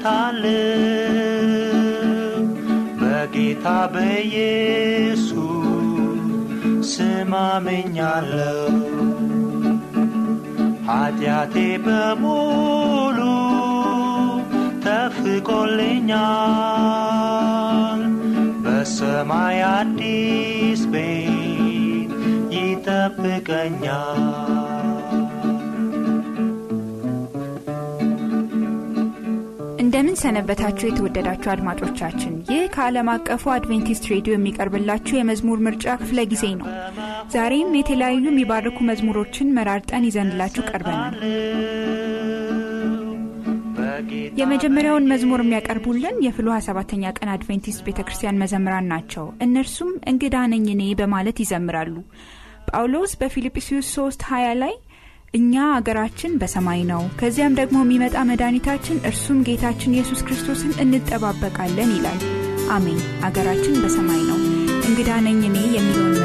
እሞታለሁ በጌታ በኢየሱስ ስም አምኛለሁ። ኃጢአቴ በሙሉ ተፍቆልኛል። በሰማይ አዲስ ቤት ይጠብቀኛል። ሰነበታችሁ የተወደዳችሁ አድማጮቻችን፣ ይህ ከዓለም አቀፉ አድቬንቲስት ሬዲዮ የሚቀርብላችሁ የመዝሙር ምርጫ ክፍለ ጊዜ ነው። ዛሬም የተለያዩ የሚባርኩ መዝሙሮችን መራርጠን ይዘንላችሁ ቀርበናል። የመጀመሪያውን መዝሙር የሚያቀርቡልን የፍሉ ሰባተኛ ቀን አድቬንቲስት ቤተ ክርስቲያን መዘምራን ናቸው። እነርሱም እንግዳ ነኝ እኔ በማለት ይዘምራሉ። ጳውሎስ በፊልጵስዩስ 3 20 ላይ እኛ አገራችን በሰማይ ነው፣ ከዚያም ደግሞ የሚመጣ መድኃኒታችን እርሱም ጌታችን ኢየሱስ ክርስቶስን እንጠባበቃለን ይላል። አሜን። አገራችን በሰማይ ነው። እንግዳ ነኝ እኔ የሚለውን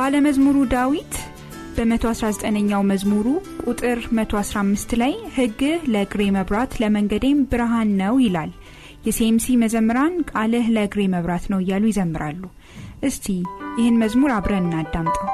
ባለመዝሙሩ ዳዊት በ119ኛው መዝሙሩ ቁጥር 115 ላይ ህግ ለእግሬ መብራት ለመንገዴም ብርሃን ነው ይላል። የሴምሲ መዘምራን ቃልህ ለእግሬ መብራት ነው እያሉ ይዘምራሉ። እስቲ ይህን መዝሙር አብረን እናዳምጠው።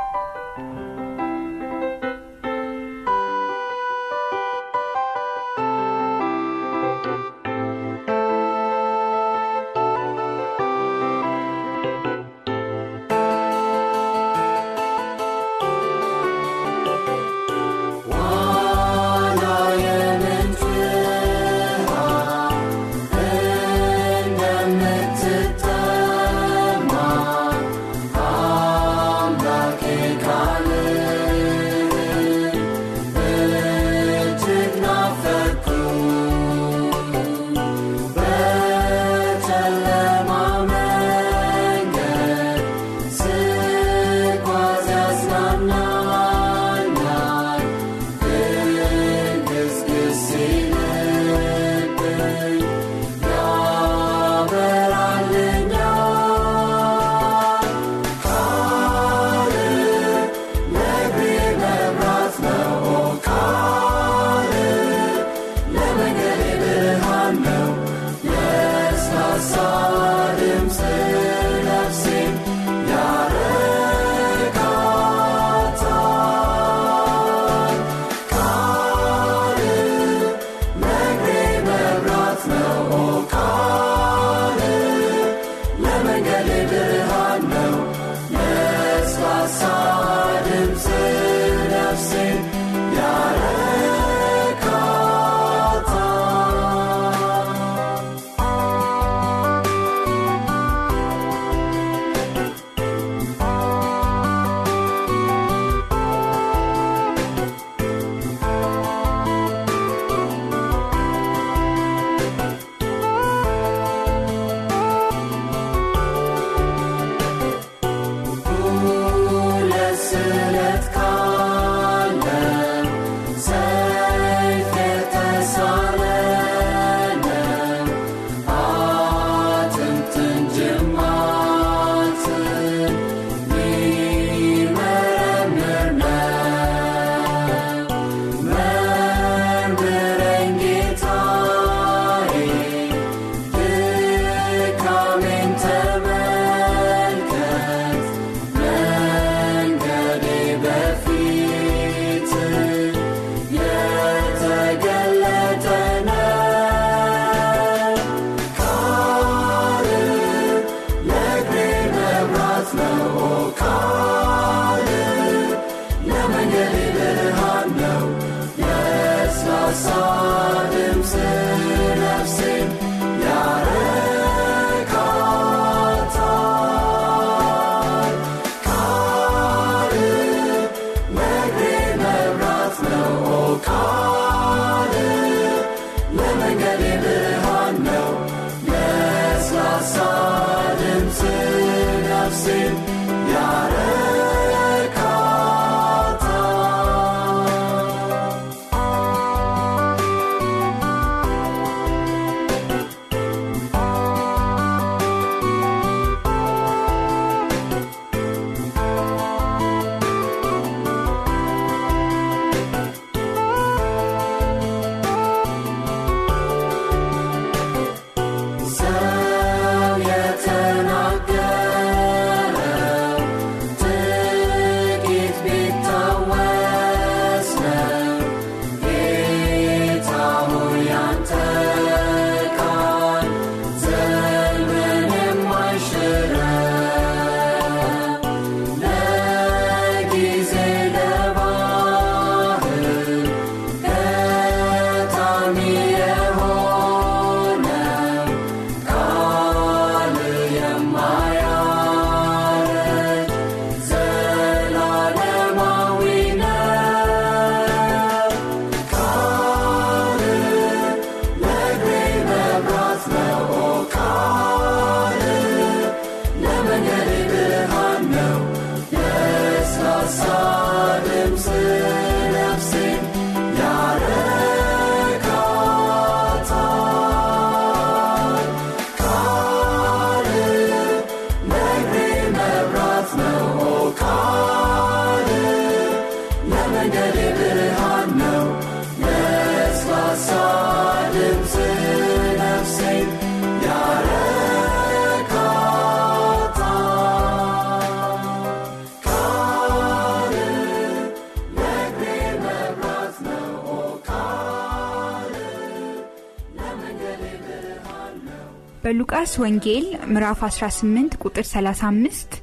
በሉቃስ ወንጌል ምዕራፍ 18 ቁጥር 35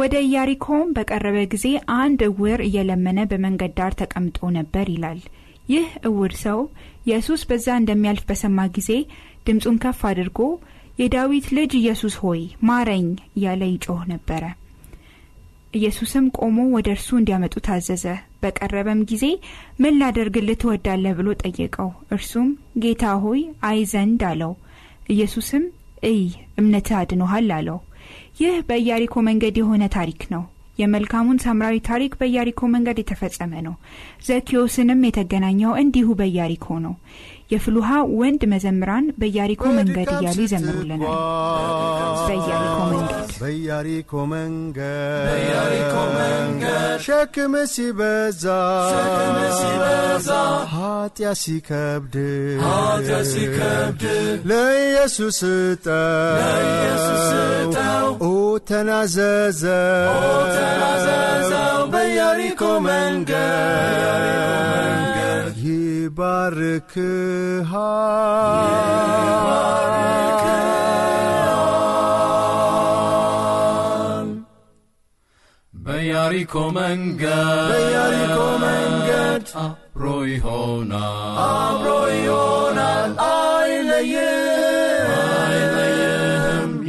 ወደ ኢያሪኮም በቀረበ ጊዜ አንድ እውር እየለመነ በመንገድ ዳር ተቀምጦ ነበር ይላል። ይህ እውር ሰው ኢየሱስ በዛ እንደሚያልፍ በሰማ ጊዜ ድምፁን ከፍ አድርጎ የዳዊት ልጅ ኢየሱስ ሆይ ማረኝ እያለ ይጮህ ነበረ። ኢየሱስም ቆሞ ወደ እርሱ እንዲያመጡ ታዘዘ። በቀረበም ጊዜ ምን ላደርግልህ ትወዳለህ ብሎ ጠየቀው። እርሱም ጌታ ሆይ አይ ዘንድ አለው። ኢየሱስም እይ እምነት አድኖሃል አለው። ይህ በኢያሪኮ መንገድ የሆነ ታሪክ ነው። የመልካሙን ሳምራዊ ታሪክ በኢያሪኮ መንገድ የተፈጸመ ነው። ዘኪዮስንም የተገናኘው እንዲሁ በያሪኮ ነው። የፍሉሃ ወንድ መዘምራን በያሪኮ መንገድ እያሉ ይዘምሩልናል። በኢያሪኮ መንገድ በኢያሪኮ መንገድ ሸክም ሲበዛ ኃጢያ ሲከብድ ለኢየሱስ ጠው ኦ ተናዘዘው በያሪኮ መንገድ ይባርክሃል በያሪኮ መንገድ በያሪኮ መንገድ አብሮ ይሆናል አብሮ ይሆናል አይለይም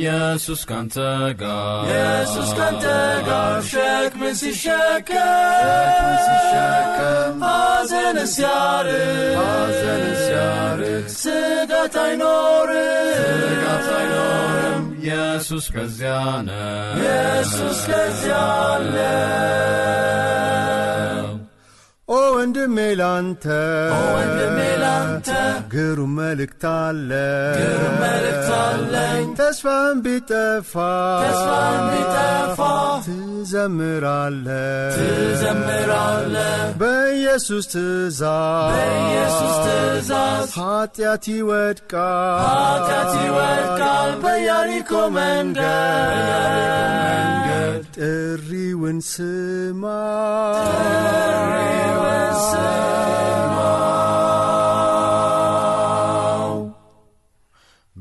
ኢየሱስ ካንተ ጋር ኢየሱስ ካንተ ጋር ሸክም ሲሸከም ሐዘን ሲያርቅ ሐዘን ሲያርቅ ስጋት አይኖርም ኢየሱስ ከዚያ ነው ኢየሱስ ከዚያ አለ ኦ ወንድሜ ላንተ ግሩም መልእክት አለኝ ተስፋን ቢጠፋ ትዘምራለ በኢየሱስ ትእዛዝ ኃጢአት ይወድቃል በያሪኮ መንገድ ጥሪውን ስማ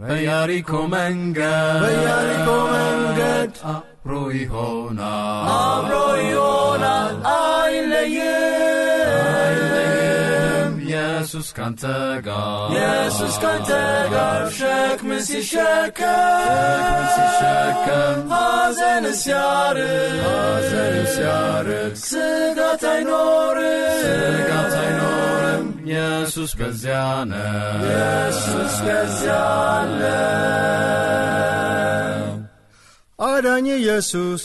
በያሪኮ መንገድ በያሪኮ መንገድ አብሮ ይሆናል አብሮ ይሆናል አይለይም ኢየሱስ ካንተ ጋር ኢየሱስ ካንተ ጋር ሸክም ሲሸከም ሲሸከም ሐዘን ሲያርቅ ሐዘን ሲያርቅ ስጋት አይኖርም ስጋት አይኖርም ኢየሱስ በዚያ ነው ኢየሱስ በዚያ አለ አዳኝ ኢየሱስ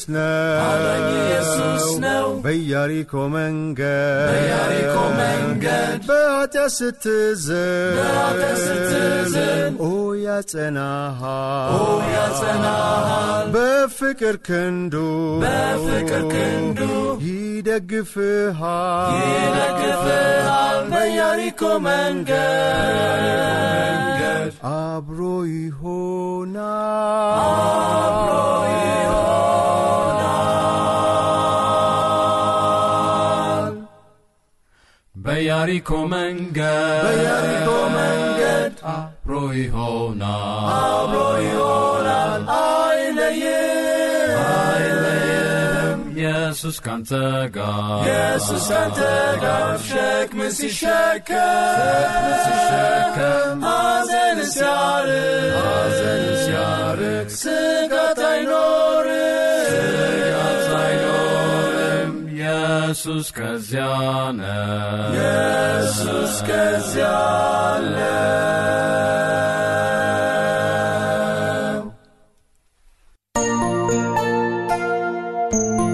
ነው በያሪኮ መንገድ በአጢያ ስትዝን ኦ ያጸናሃል በፍቅር ክንዱ ይደግፍሃል ሪኮመንገድ አብሮ ይሆናል አብሮ ይሆናል በያሪኮ መንገድ በያሪኮ መንገድ አብሮ ይሆናል አብሮ ኢየሱስ ካንተ ጋር ኢየሱስ ካንተ ጋር ሸክም ሲሸከም ሐዘን ሲያርቅ ስጋት አይኖርም ኢየሱስ ከዚያ ነው ኢየሱስ ከዚያ ነው thank you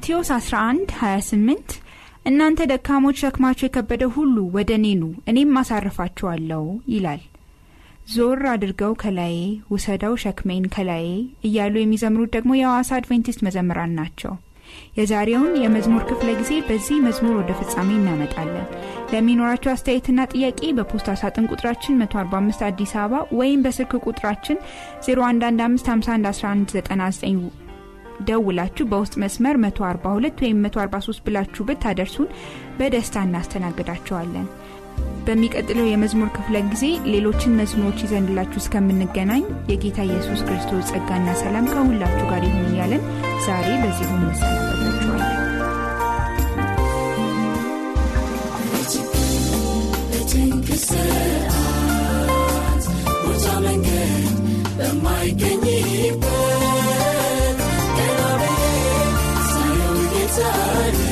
ማቴዎስ 11 28 እናንተ ደካሞች ሸክማችሁ የከበደ ሁሉ ወደ እኔኑ እኔም አሳርፋችኋለሁ ይላል። ዞር አድርገው ከላዬ ውሰደው ሸክሜን ከላዬ እያሉ የሚዘምሩት ደግሞ የሐዋሳ አድቬንቲስት መዘምራን ናቸው። የዛሬውን የመዝሙር ክፍለ ጊዜ በዚህ መዝሙር ወደ ፍጻሜ እናመጣለን። ለሚኖራቸው አስተያየትና ጥያቄ በፖስታ ሳጥን ቁጥራችን 145 አዲስ አበባ ወይም በስልክ ቁጥራችን 1199 ደውላችሁ በውስጥ መስመር 142 ወይም 143 ብላችሁ ብታደርሱን በደስታ እናስተናግዳቸዋለን። በሚቀጥለው የመዝሙር ክፍለ ጊዜ ሌሎችን መዝሙሮች ይዘንላችሁ እስከምንገናኝ የጌታ ኢየሱስ ክርስቶስ ጸጋና ሰላም ከሁላችሁ ጋር ይሁን እያለን ዛሬ በዚሁ እንሰናበታችኋለን። ሰዓት መንገድ በማይገኝበት side.